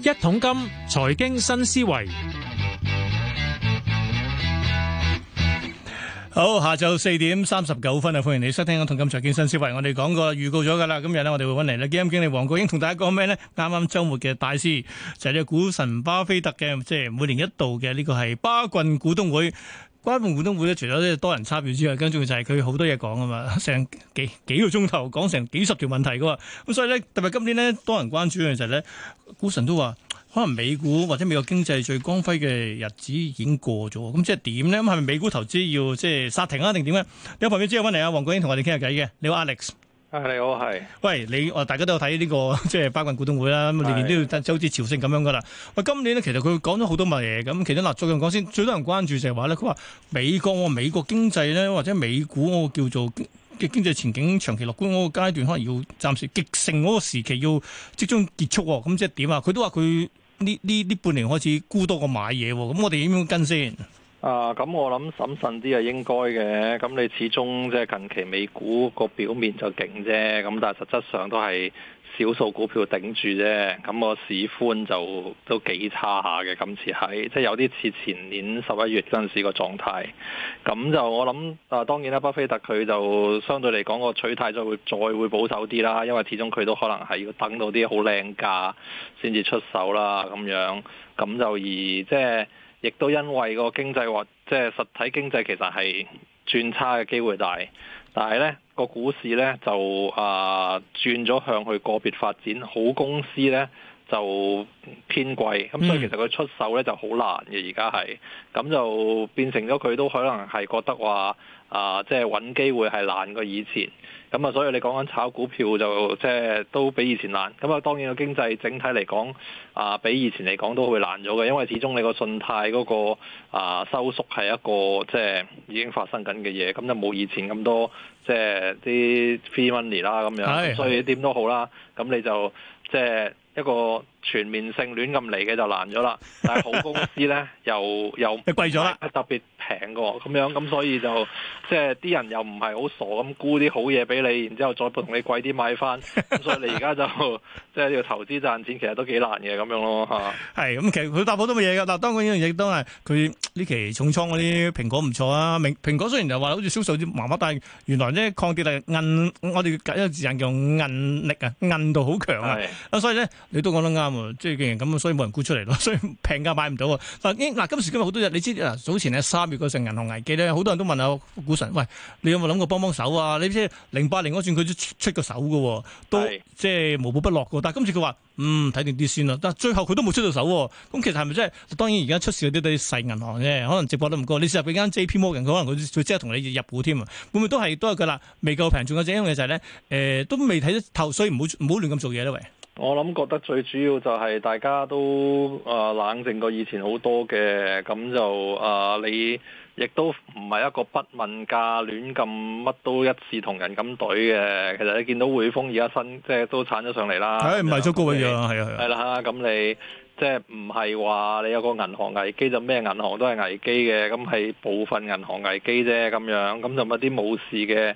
一桶金財經新思維，好，下晝四點三十九分啊！歡迎你收聽一桶金財經新思維。我哋講過預告咗噶啦，今日咧我哋會揾嚟咧基金經理黃國英同大家講咩咧？啱啱周末嘅大師就係呢個股神巴菲特嘅，即係每年一度嘅呢個係巴郡股東會。關門股東大會咧，除咗咧多人參與之外，跟住就係佢好多嘢講啊嘛，成幾幾個鐘頭講成幾十條問題噶嘛，咁所以咧特別今年咧多人關注嘅就係咧，股神都話可能美股或者美國經濟最光輝嘅日子已經過咗，咁即係點咧？咁係咪美股投資要即係剎停啊？定點咧？有朋友之後揾嚟啊，黃國英同我哋傾下偈嘅，你好 Alex。係你好，係 喂，你大家都有睇呢、這個即係、就是、巴郡股東會啦，的年年都要即好似朝聖咁樣噶啦。喂，今年呢，其實佢講咗好多乜嘢，咁其中立足，我講先，最多人關注就係話咧，佢話美國我美國經濟咧或者美股嗰個叫做嘅經濟前景長期樂觀嗰個階段，可能要暫時極盛嗰個時期要即將結束，咁、哦嗯、即係點啊？佢都話佢呢呢呢半年開始沽多過買嘢，咁、哦、我哋點樣跟先？啊，咁我諗審慎啲係應該嘅。咁你始終即係近期美股個表面就勁啫，咁但係實質上都係少數股票頂住啫。咁個市寬就都幾差下嘅，今次係，即係有啲似前年十一月嗰陣時個狀態。咁就我諗，啊當然啦，巴菲特佢就相對嚟講個取態就會再會保守啲啦，因為始終佢都可能係要等到啲好靚價先至出手啦，咁樣。咁就而即係。亦都因為個經濟或者即係實體經濟其實係轉差嘅機會大，但係呢個股市呢，就啊轉咗向去個別發展，好公司呢就偏貴，咁所以其實佢出售呢就好難嘅，而家係，咁就變成咗佢都可能係覺得話。啊，即係揾機會係難過以前，咁啊，所以你講緊炒股票就即係、就是、都比以前難，咁啊，當然個經濟整體嚟講啊，比以前嚟講都會難咗嘅，因為始終你個信貸嗰、那個啊收縮係一個即係、就是、已經發生緊嘅嘢，咁就冇以前咁多即係啲 free money 啦咁樣，是所以點都好啦，咁你就即係、就是、一個。全面性亂咁嚟嘅就難咗啦，但係好公司咧又又貴咗啦， 特別平個咁樣咁、嗯，所以就即係啲人又唔係好傻咁沽啲好嘢俾你，然之後再同你貴啲買翻、嗯，所以你而家就即係要投資賺錢其，其實都幾難嘅咁樣咯嚇。係咁，其實佢踏步都冇嘢㗎。但當嗰樣嘢都係佢呢期重倉嗰啲蘋果唔錯啊。蘋果雖然就話好似銷售啲麻麻，但係原來呢抗跌力韌，我哋一個字眼叫韌力啊，韌度好強啊。的所以咧你都講得啱。即係既然咁，所以冇人沽出嚟咯，所以平價買唔到。嗱，嗱今時今日好多日，你知啊？早前喺三月嗰陣銀行危機咧，好多人都問阿股神：喂，你有冇諗過幫幫手啊？你知零八零九年佢都出過手噶，都是即係無寶不落噶。但係今次佢話，嗯，睇定啲先啦。但係最後佢都冇出到手。咁其實係咪真係？當然而家出事嗰啲都係細銀行啫，可能直播都唔高。你試下畀間 JP Morgan，可能佢即刻同你入股添啊？會唔會都係都係佢啦？未夠平，仲有最一樣嘢就係、是、咧，誒、呃，都未睇得透，所以唔好唔好亂咁做嘢啦，喂。我諗覺得最主要就係大家都啊、呃、冷靜過以前好多嘅，咁就啊、呃、你亦都唔係一個不問價亂咁乜都一視同仁咁對嘅。其實你見到匯豐而家新即係都鏟咗上嚟啦，係唔係都高一樣啊？係啊係啦，咁你即係唔係話你有個銀行危機就咩銀行都係危機嘅？咁係部分銀行危機啫咁樣，咁就一啲冇事嘅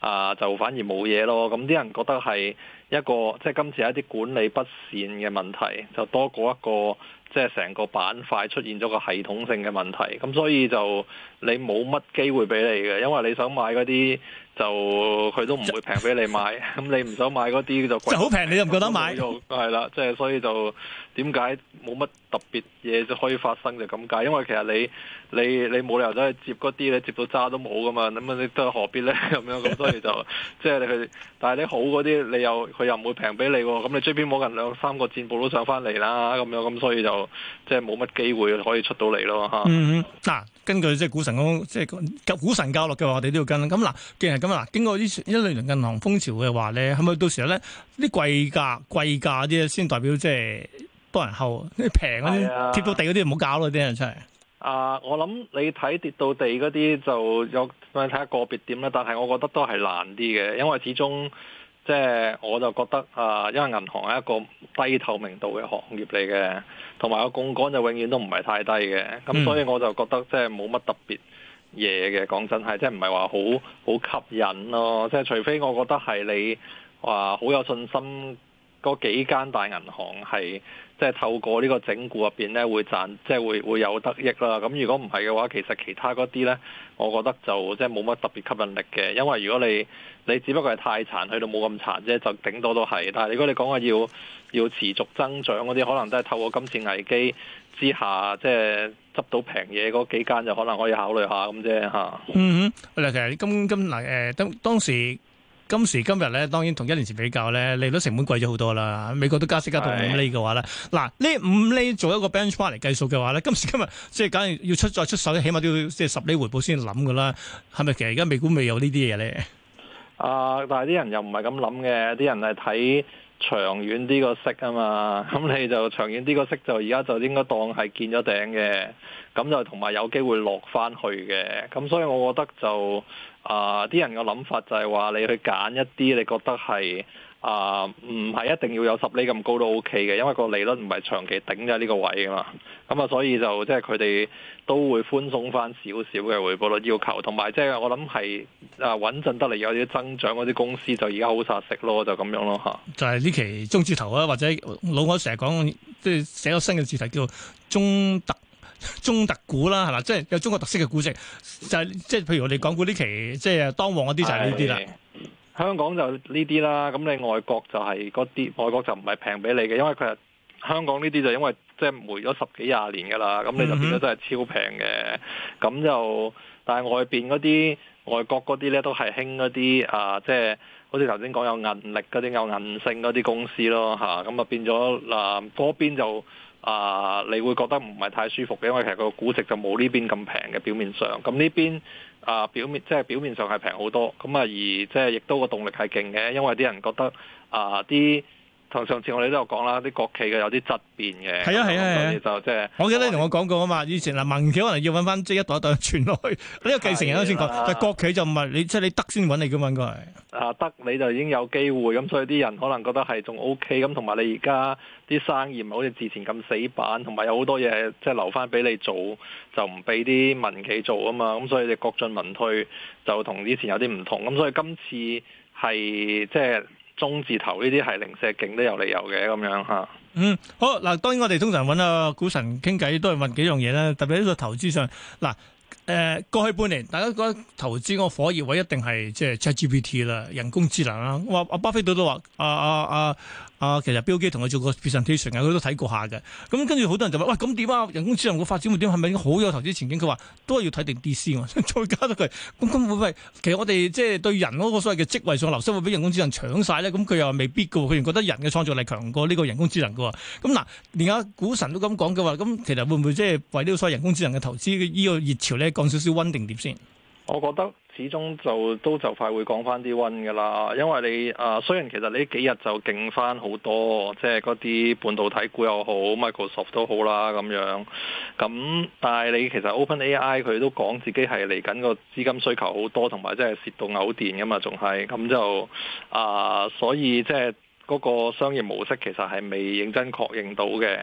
啊、呃、就反而冇嘢咯。咁啲人覺得係。一個即係今次係一啲管理不善嘅問題，就多過一個即係成個板塊出現咗個系統性嘅問題。咁所以就你冇乜機會俾你嘅，因為你想買嗰啲。就佢都唔會平俾你買，咁 你唔想買嗰啲就貴。即好平，啊、你又唔覺得買？係啦， 即、就、係、是、所以就點解冇乜特別嘢就可以發生就咁解？因為其實你你你冇理由走去接嗰啲，你接到渣都冇噶嘛。咁你都何必咧咁樣？咁 所以就即係、就是、你去。但係你好嗰啲，你又佢又唔會平俾你喎。咁你追邊冇人兩三個箭步都上翻嚟啦，咁樣咁所以就即係冇乜機會可以出到嚟咯。嚇、嗯！嗱， 根據即係股神講，即係股神教落嘅話，我哋都要跟咁。嗱，既然。咁啊，經過呢一兩輪銀行風潮嘅話咧，可唔可以到時候咧啲貴價貴價啲先代表即係多人後，即係平嗰啲跌到地嗰啲唔好搞咯啲人出嚟。啊，我諗你睇跌到地嗰啲就有，睇下個別點啦。但係我覺得都係難啲嘅，因為始終即係我就覺得啊、呃，因為銀行係一個低透明度嘅行業嚟嘅，同埋個槓桿就永遠都唔係太低嘅，咁所以我就覺得即係冇乜特別。呃嗯嘢嘅，講真係，即係唔係話好好吸引咯，即係除非我覺得係你話好、呃、有信心。嗰幾間大銀行係即係透過呢個整固入邊咧，會賺即係會會有得益啦。咁如果唔係嘅話，其實其他嗰啲咧，我覺得就即係冇乜特別吸引力嘅。因為如果你你只不過係太殘，去到冇咁殘啫，就頂多都係。但係如果你講話要要持續增長嗰啲，可能都係透過今次危機之下，即係執到平嘢嗰幾間就可能可以考慮下咁啫嚇。嗯哼，係啦，其實今今嗱誒當當時。今時今日咧，當然同一年前比較咧，利率成本貴咗好多啦。美國都加息加到五厘嘅話咧，嗱是的，呢五厘做一個 bench mark 嚟計數嘅話咧，今時今日即係梗係要出再出手，起碼都要即係十厘回報先諗㗎啦。係咪其實而家美股未有呢啲嘢咧？啊、呃！但係啲人又唔係咁諗嘅，啲人係睇。長遠啲個息啊嘛，咁你就長遠啲個息就而家就應該當係見咗頂嘅，咁就同埋有機會落翻去嘅，咁所以我覺得就啊啲、呃、人嘅諗法就係話：你去揀一啲你覺得係。啊，唔係、呃、一定要有十厘咁高都 O K 嘅，因為個利率唔係長期頂咗呢個位啊嘛，咁、嗯、啊，所以就即係佢哋都會寬鬆翻少少嘅回報率要求，同埋即係我諗係啊穩陣得嚟有啲增長嗰啲公司就而家好殺食咯，就咁樣咯嚇。就係呢期中字頭啊，或者老我成日講，即係寫個新嘅字題叫中特中特股啦，係嘛？即係有中國特色嘅估值，就係、即係譬如我哋講過呢期即係當旺一啲就係呢啲啦。香港就呢啲啦，咁你外國就係嗰啲，外國就唔係平俾你嘅，因為佢係香港呢啲就因為即係霉咗十幾廿年㗎啦，咁你就變咗真係超平嘅，咁就但係外邊嗰啲外國嗰啲咧都係興一啲啊，即係好似頭先講有銀力嗰啲有銀性嗰啲公司咯嚇，咁啊變咗嗱嗰邊就啊，你會覺得唔係太舒服嘅，因為其實個估值就冇呢邊咁平嘅表面上，咁呢邊。啊、呃，表面即係表面上係平好多，咁啊而即係亦都個動力係勁嘅，因為啲人覺得啊，啲、呃、同上次我哋都有講啦，啲國企嘅有啲質變嘅。係啊係啊係啊！啊啊就即係，啊啊、我記得你同我講過啊嘛，以前嗱，民、啊、企可能要揾翻即係一代一代傳落去，呢個繼承人先講，啊、但係國企就唔係，你即係你，你得先揾，你先揾佢。啊得你就已經有機會，咁所以啲人可能覺得係仲 OK，咁同埋你而家啲生意唔係好似之前咁死板，同埋有好多嘢即係留翻俾你做，就唔俾啲民企做啊嘛，咁所以你國進民退就同以前有啲唔同，咁所以今次係即係中字頭呢啲係零舍勁都有理由嘅咁樣嚇。嗯，好嗱，當然我哋通常揾啊股神傾偈都係問幾樣嘢啦，特別喺個投資上嗱。誒過去半年，大家覺得投資個火熱位一定係即係 ChatGPT 啦，人工智能啦。我話阿巴菲特都話，阿阿阿。呃呃啊，其實 Bill Gates 同佢做過 presentation 嘅，佢都睇過下嘅。咁跟住好多人就問：喂，咁點啊？人工智能嘅發展會點？係咪已經好有投資前景？佢話都係要睇定 D.C. 再加多佢。咁咁會唔會其實我哋即係對人嗰個所謂嘅職位上流失會俾人工智能搶晒咧？咁佢又未必嘅。佢仲覺得人嘅創造力強過呢個人工智能嘅。咁嗱，連阿、啊、股神都咁講嘅話，咁其實會唔會即係為呢個所謂人工智能嘅投資呢個熱潮咧降少少温定點先？我覺得。始終就都就快會降翻啲温㗎啦，因為你啊、呃，雖然其實你幾日就勁翻好多，即係嗰啲半導體股又好，Microsoft 都好啦咁樣，咁但係你其實 OpenAI 佢都講自己係嚟緊個資金需求好多，同埋即係蝕到嘔電㗎嘛，仲係咁就啊、呃，所以即係。嗰個商業模式其實係未認真確認到嘅，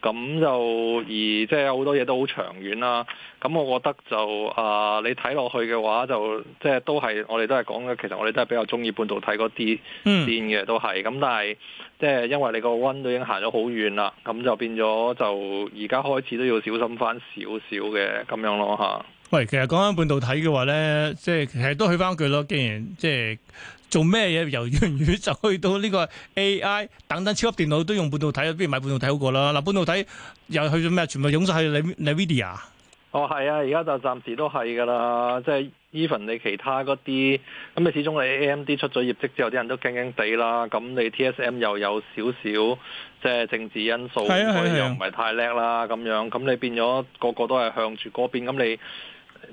咁就而即係好多嘢都好長遠啦。咁我覺得就啊、呃，你睇落去嘅話就即係都係我哋都係講嘅，其實我哋都係比較中意半導體嗰啲線嘅，嗯、都係咁。但係即係因為你個温度已經行咗好遠啦，咁就變咗就而家開始都要小心翻少少嘅咁樣咯嚇。喂，其實講翻半導體嘅話咧，即係其實都去翻佢咯。既然即係做咩嘢由遠遠就去到呢個 A I 等等超級電腦都用半導體，不如買半導體好過啦。嗱，半導體又去咗咩？全部湧晒去你 Nvidia。哦，係啊，而家就暫時都係噶啦。即係 even 你其他嗰啲，咁你始終你 A M D 出咗業績之後，啲人都驚驚地啦。咁你 T S M 又有少少即係政治因素，啊、又唔係太叻啦。咁、啊啊、樣，咁你變咗個個都係向住嗰邊。咁你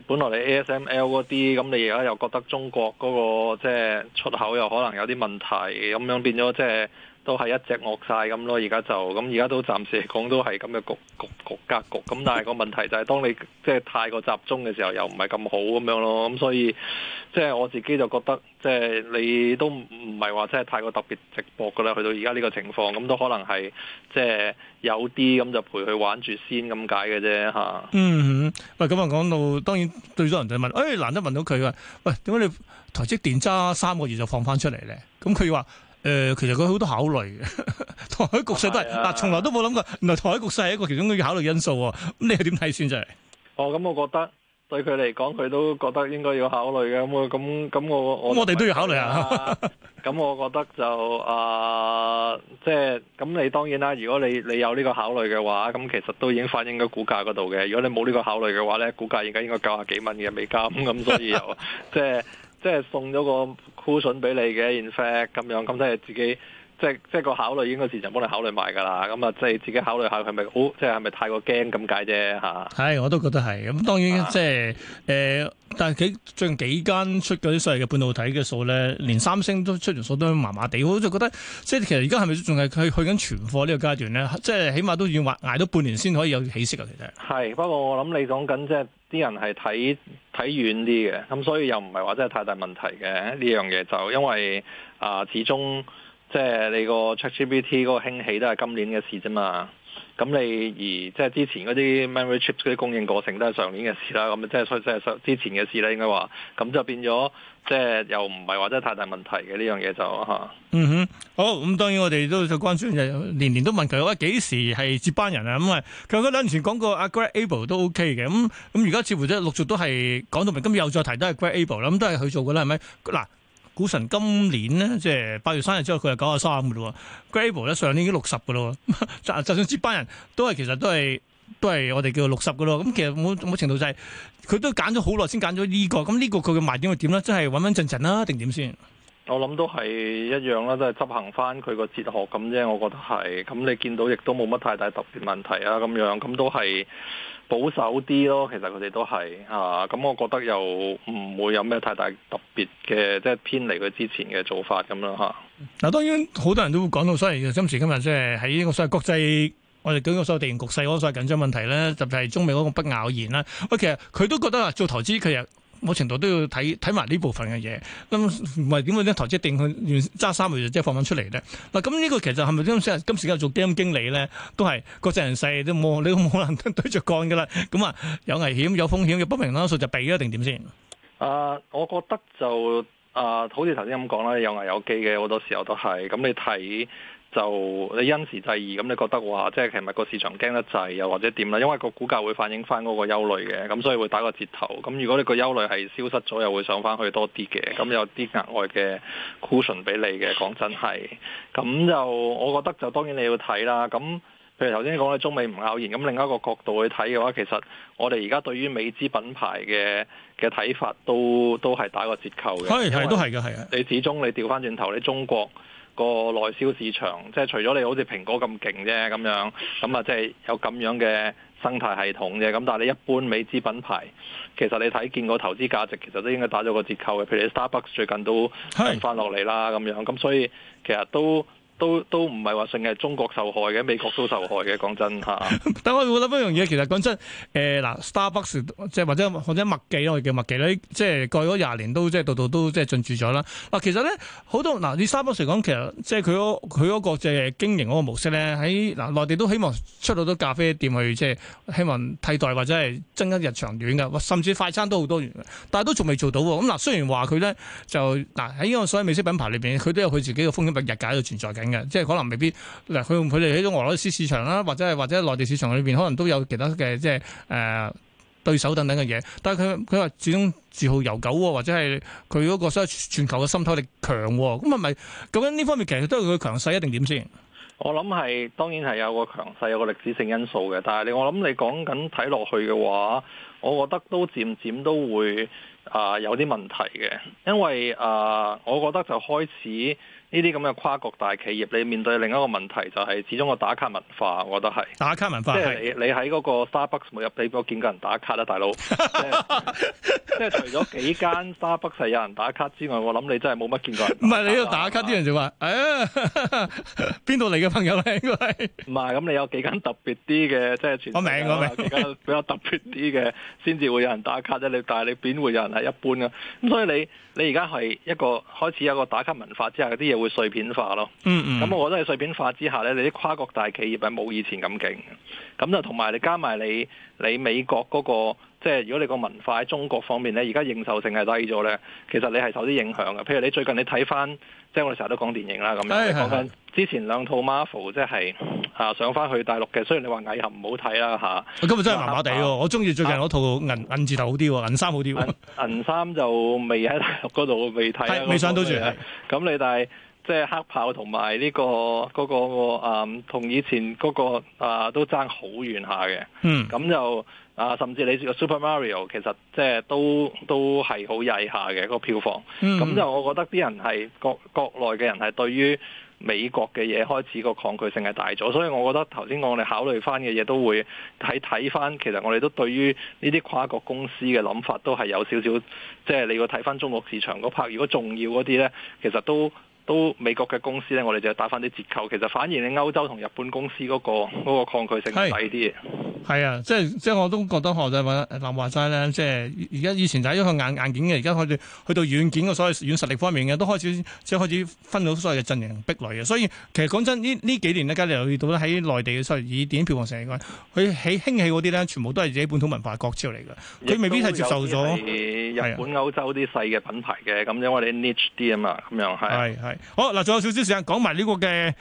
本來你 ASML 嗰啲，咁你而家又覺得中國嗰、嗰個即係、就是、出口又可能有啲問題，咁樣變咗即係都係一隻惡晒咁咯。而家就咁，而家都暫時嚟講都係咁嘅局局局格局。咁但係個問題就係，當你即係、就是、太過集中嘅時候又，又唔係咁好咁樣咯。咁所以。即係我自己就覺得，即係你都唔係話真係太過特別直播噶啦，去到而家呢個情況，咁都可能係即係有啲咁就陪佢玩住先咁解嘅啫嚇。嗯，喂，咁啊講到當然最多人就問，哎，難得問到佢㗎，喂，點解你台積電揸三個月就放翻出嚟咧？咁佢話誒，其實佢好多考慮嘅，台海局勢都係但從來都冇諗過，原來台海局勢係一個其中嘅考慮因素喎。你係點睇先？就係，哦，咁我覺得。對佢嚟講，佢都覺得應該要考慮嘅咁、嗯嗯，我咁咁我我哋都要考慮啊！咁 我覺得就啊，即係咁你當然啦。如果你你有呢個考慮嘅話，咁其實都已經反映咗股價嗰度嘅。如果你冇呢個考慮嘅話呢，股價而家應該九廿幾蚊嘅美金咁， 所以又即係即係送咗個 cushion 俾你嘅，in fact 咁樣咁即係自己。即係即係個考慮應該市就幫你考慮埋㗎啦。咁、嗯、啊，即係自己考慮下係咪，佢咪好即係係咪太過驚咁解啫嚇？係、啊，我都覺得係咁。當然即係誒，但係佢最近幾間出嗰啲所謂嘅半導體嘅數咧，連三星都出完數都麻麻地，我就好覺得即係其實而家係咪仲係佢去緊存貨呢個階段咧？即係起碼都要捱捱到半年先可以有起色啊！其實係不過我諗你講緊即係啲人係睇睇遠啲嘅，咁所以又唔係話真係太大問題嘅呢樣嘢，就因為啊、呃，始終。即係你個 ChatGPT 嗰個興起都係今年嘅事啫嘛，咁你而即係之前嗰啲 memory chips 嗰啲供應過程都係上年嘅事啦，咁即係所以即係之前嘅事咧，應該話咁就變咗即係又唔係話真係太大問題嘅呢樣嘢就嚇。啊、嗯哼，好，咁當然我哋都就關注，就年年都問佢，喂幾時係接班人啊？咁、嗯、啊，佢嗰陣時講過阿 Greg Abel 都 OK 嘅，咁咁而家似乎都陸續都係講到明，今日又再提都係 Greg Abel 啦，咁、嗯、都係佢做噶啦，係咪嗱？股神今年呢，即係八月三日之後佢係九十三嘅咯。Greg Abel 咧上年已經六十嘅咯，就 就算接班人都係其實都係都係我哋叫六十嘅咯。咁其實某某程度就係、是、佢都揀咗好耐先揀咗呢個。咁、這個、呢個佢嘅賣點係點咧？即係穩穩陣陣啦，定點先？我諗都係一樣啦，都係執行翻佢個哲學咁啫。我覺得係咁，你見到亦都冇乜太大特別問題啊咁樣，咁都係。保守啲咯，其實佢哋都係嚇，咁、啊、我覺得又唔會有咩太大特別嘅，即係偏離佢之前嘅做法咁啦嚇。嗱，啊嗯、當然好多人都會講到，所以今時今日即係喺呢個所謂國際，我哋講個所謂地緣局勢嗰所謂緊張問題咧，特別係中美嗰個不咬言啦。喂，其實佢都覺得啊，做投資佢。實。某程度都要睇睇埋呢部分嘅嘢，咁唔係點會啲投資定去揸三個月即係放翻出嚟咧？嗱，咁呢個其實係咪今時今日做基金經理咧，都係個責人細都冇，你都冇可能對着幹嘅啦。咁啊，有危險有風險，有不明朗數就避啊，定點先？啊、呃，我覺得就啊、呃，好似頭先咁講啦，有危有機嘅，好多時候都係咁，你睇。就你因時制宜，咁你覺得話即係其實個市場驚得滯，又或者點啦？因為個股價會反映翻嗰個憂慮嘅，咁所以會打個折頭。咁如果你個憂慮係消失咗，又會上翻去多啲嘅。咁有啲額外嘅 cushion 俾你嘅，講真係。咁就我覺得就當然你要睇啦。咁譬如頭先你講嘅中美唔咬弦，咁另一個角度去睇嘅話，其實我哋而家對於美資品牌嘅嘅睇法都都係打個折扣嘅。係係都係嘅係啊！為你始終你調翻轉頭，你中國。個內銷市場，即係除咗你好似蘋果咁勁啫咁樣，咁啊即係有咁樣嘅生態系統啫。咁但係你一般美資品牌，其實你睇見個投資價值，其實都應該打咗個折扣嘅。譬如你 Starbucks 最近都翻落嚟啦咁樣，咁所以其實都。都都唔係話淨係中國受害嘅，美國都受害嘅。講真嚇，啊、 但係我諗翻樣嘢，其實講真，誒嗱，Starbucks 即係或者或者麥記，我哋叫麥記咧，即係過咗廿年都即係度度都即係進駐咗啦。嗱，其實咧好多嗱，你 Starbucks 講其實即係佢嗰佢嗰個即係經營嗰個模式咧，喺嗱內地都希望出到多咖啡店去，即係希望替代或者係增加日長短嘅，甚至快餐都好多元。但係都仲未做到。咁、嗯、嗱，雖然話佢咧就嗱喺呢個所謂美式品牌裏邊，佢都有佢自己嘅風險日價喺度存在嘅。即係可能未必嗱，佢佢哋喺俄羅斯市場啦，或者係或者內地市場裏邊，可能都有其他嘅即係誒對手等等嘅嘢。但係佢佢話始終自豪悠久，或者係佢嗰個所謂全球嘅滲透力強，咁係咪究竟呢方面其實都係佢強勢一定點先？我諗係當然係有個強勢，有個歷史性因素嘅。但係你我諗你講緊睇落去嘅話，我覺得都漸漸都會。啊，uh, 有啲問題嘅，因為啊，uh, 我覺得就開始呢啲咁嘅跨國大企業，你面對另一個問題就係、是，始終個打卡文化，我覺得係打卡文化，即係你喺嗰是個 Starbucks 冇入地畀我見過人打卡啦、啊，大佬， 即係除咗幾間 Starbucks 係有人打卡之外，我諗你真係冇乜見過人打卡，唔係你都打卡啲、啊、人就話， 哎呀，邊度嚟嘅朋友咧？應該唔係？咁你有幾間特別啲嘅，即係全我明我明，幾間比較特別啲嘅，先至會有人打卡啫、啊。 但你但係你邊會有人。係一般噶，咁 所以你你而家係一個開始有個打擊文化之下，啲嘢會碎片化咯。嗯嗯，咁 我覺得喺碎片化之下咧，你啲跨國大企業啊冇以前咁勁。咁就同埋你加埋你你美國嗰、嗰個即係如果你個文化喺中國方面咧，而家認受性係低咗咧，其實你係受啲影響嘅。譬如你最近你睇翻，即係我哋成日都講電影啦，咁樣講緊之前兩套 Marvel 即係嚇、啊、上翻去大陸嘅，雖然你話蟻俠唔好睇啦嚇，啊、今日真係麻麻地喎，啊、我中意最近嗰套銀銀字頭好啲喎，銀三好啲喎。銀三就未喺大陸嗰度未睇，未是、那個、上到住。咁沒是你但係。即係黑豹同埋呢個嗰、嗰個同以前嗰個都爭好遠下嘅。嗯。咁、嗰個啊、 就啊，甚至你知個 Super Mario 其實即係都都係好曳下嘅嗰個票房。咁 就我覺得啲人係國國內嘅人係對於美國嘅嘢開始個抗拒性係大咗，所以我覺得頭先我哋考慮翻嘅嘢都會喺睇翻，其實我哋都對於呢啲跨國公司嘅諗法都係有少少，即、就、係、是、你要睇翻中國市場嗰 part 如果重要嗰啲咧，其實都。都美國嘅公司咧，我哋就打返啲折扣，其實反而你歐洲同日本公司嗰個抗拒性係低啲。係啊，即係即係我都覺得我就話南話曬咧，即係而家以前就係一個硬硬件嘅，而家佢哋去到軟件嘅所謂軟實力方面嘅，都開始即係開始分到所謂嘅陣營壁壘嘅。所以其實講真，呢呢幾年咧，而家你留意到咧喺內地嘅，所謂以電影票房成嘅佢起興起嗰啲咧，全部都係自己本土文化國潮嚟嘅，佢未必係接受咗日本、歐洲啲細嘅品牌嘅咁樣，我哋 niche 啲啊嘛，咁樣係係係。好嗱，仲有少少時間講埋呢個嘅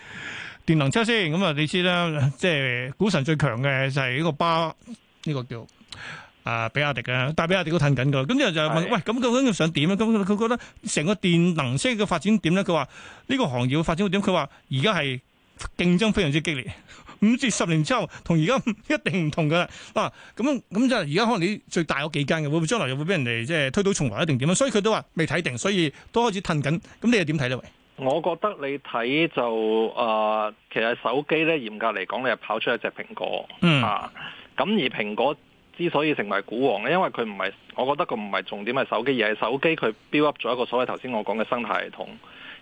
電能車先，咁、嗯、啊，你知啦，即係股神最強嘅就係呢個巴呢、這個叫啊、呃、比亞迪啊，但係比亞迪都褪緊噶，咁之後就就問是喂，咁究竟佢想點咧？咁佢佢覺得成個電能車嘅發展點咧？佢話呢個行業發展點？佢話而家係競爭非常之激烈，五至十年之後同而家一定唔同噶啦。啊，咁咁即係而家可能你最大嗰幾間嘅，會唔會將來又會俾人哋即係推倒重來一定點啊？所以佢都話未睇定，所以都開始褪緊。咁你又點睇咧？我覺得你睇就啊、呃，其實手機咧，嚴格嚟講，你係跑出一隻蘋果，吓、嗯。咁、啊、而蘋果之所以成為股王咧，因為佢唔係，我覺得佢唔係重點係手機，而係手機佢 build up 咗一個所謂頭先我講嘅生態系統。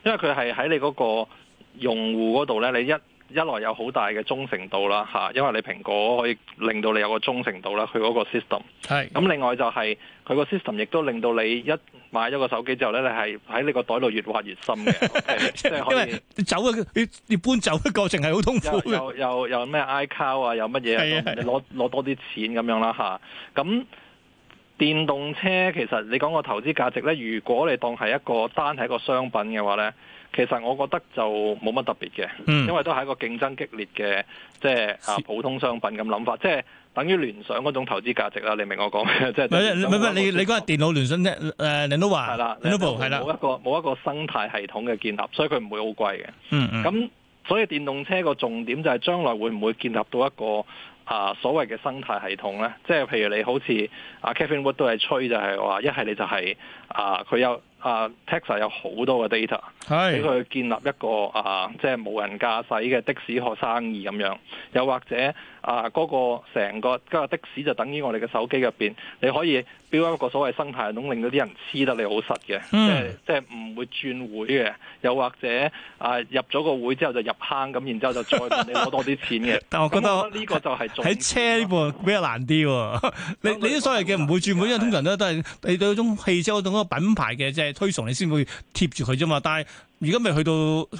因為佢係喺你嗰個用戶嗰度咧，你一。一來有好大嘅忠誠度啦，嚇，因為你蘋果可以令到你有個忠誠度啦，佢嗰個 system。係是。咁另外就係佢個 system 亦都令到你一買咗個手機之後咧，你係喺呢個袋度越挖越深嘅。Okay? 即係因為你走嘅，你你搬走嘅過程係好痛苦。又又又咩 iCloud 啊，又乜嘢，你攞攞多啲錢咁樣啦嚇，咁。電動車其實你講個投資價值咧，如果你當係一個單係一個商品嘅話咧，其實我覺得就冇乜特別嘅，因為都係一個競爭激烈嘅，即係啊普通商品咁諗法，即係等於聯想嗰種投資價值啦。你明我講咩？即係唔係唔係你你講嘅電腦聯想咧、呃？你都 Lenovo 係啦 Lenovo 啦，冇一個冇一個生態系統嘅建立，所以佢唔會好貴嘅。咁、嗯、所以電動車個重點就係將來會唔會建立到一個？啊，所謂嘅生態系統咧，即係譬如你好似啊，Kevin Wood 都係吹就係、是、話，一係你就係、是、啊，佢有啊 Tesla 有好多嘅 data，俾佢建立一個啊，即係無人駕駛嘅的，的士學生意咁樣，又或者啊，嗰、那個成個嗰、那個、的士就等於我哋嘅手機入邊，你可以。表現一個所謂生態系統，令到啲人黐得你好實嘅，嗯、即係即係唔會轉會嘅，又或者啊、呃、入咗個會之後就入坑咁，然後就再問你攞多啲錢嘅。 但係我覺得呢個就係喺車呢部比較難啲喎、啊。 你、嗯、你啲所謂嘅唔會轉會，因為通常都都係你對一種汽車嗰的種品牌嘅即係推崇，你先會貼住佢啫嘛。但係而家未去到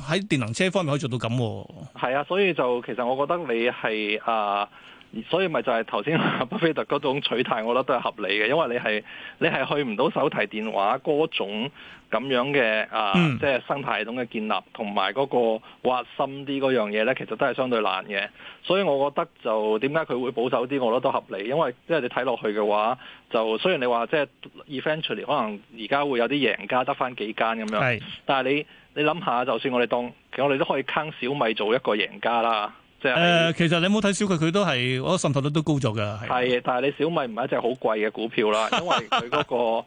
喺電能車方面可以做到咁、啊。係啊，所以就其實我覺得你係啊。呃所以咪就係頭先巴菲特嗰種取態，我覺得都係合理嘅，因為你係你係去唔到手提電話嗰種咁樣嘅、嗯、啊，即係生態系統嘅建立同埋嗰個挖心啲嗰樣嘢咧，其實都係相對難嘅。所以我覺得就點解佢會保守啲，我覺得都合理，因為即係你睇落去嘅話，就雖然你話即係 eventually 可能而家會有啲贏家得翻幾間咁樣，是但係你你諗下，就算我哋當其實我哋都可以坑小米做一個贏家啦。誒、就是呃，其實你冇睇小佢，佢都係嗰個滲透率都高咗㗎。係，但係你小米唔係一隻好貴嘅股票啦， 因為佢嗰個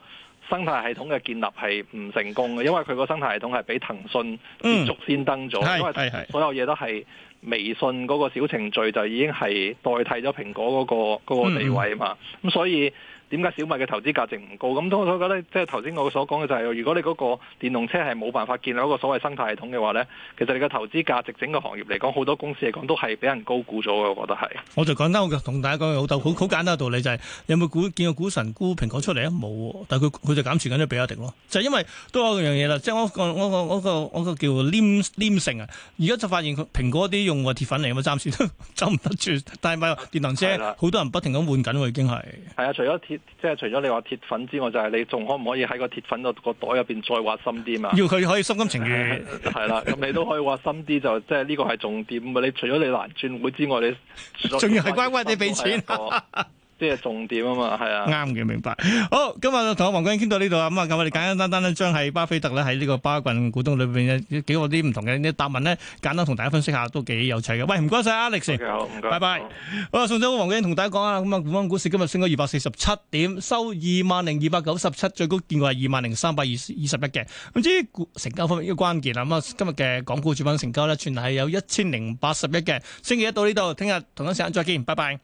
生態系統嘅建立係唔成功嘅，因為佢個生態系統係畀騰訊捷足先登咗，嗯、因為所有嘢都係。微信嗰個小程序就已經係代替咗蘋果嗰個地位啊嘛，咁、嗯嗯、所以點解小米嘅投資價值唔高？咁多我都覺得，即係頭先我所講嘅就係、是，如果你嗰個電動車係冇辦法建立一個所謂生態系統嘅話咧，其實你嘅投資價值整個行業嚟講，好多公司嚟講都係俾人高估咗嘅，我覺得係。我就簡單我同大家講嘅好好簡單嘅道理就係、是，有冇股見過股神沽蘋果出嚟啊？冇，但係佢佢就減持緊咗比亞迪咯。就是、因為都有一樣嘢啦，即係嗰個嗰個嗰個嗰個叫，叫黏黏性啊。而家就發現佢蘋果啲用。我鐵粉嚟，咁啊暫時都揸唔得住，但係咪電動車？好的多人不停咁換緊喎，已經係。係啊，除咗鐵，即係除咗你話鐵粉之外，就係、是、你仲可唔可以喺個鐵粉個袋入邊再挖深啲嘛？要佢可以心甘情願，係啦，咁 你都可以挖深啲，就即係呢個係重點。啊， 你除咗你難轉會之外，你仲要係乖乖地俾錢。 即係重點啊嘛，係啊，啱嘅， 明白。好，今日同阿黃君傾到呢度啊，咁啊，咁我哋簡簡單單咧，將喺巴菲特咧喺呢個巴郡股東裏邊咧，幾個啲唔同嘅答問咧，簡單同大家分析下，都幾有趣嘅。喂，唔該晒 Alex，okay, 拜拜。好啊，送走黃君同大家講啊，咁啊，股份股市今日升咗二百四十七點，收二萬零二百九十七，最高見過係二萬零三百二二十一嘅。咁至於股成交方面，呢個關鍵啊，咁啊，今日嘅港股主板成交咧，全日係有一千零八十億嘅。星期一到呢度，聽日同一時間再見，拜拜。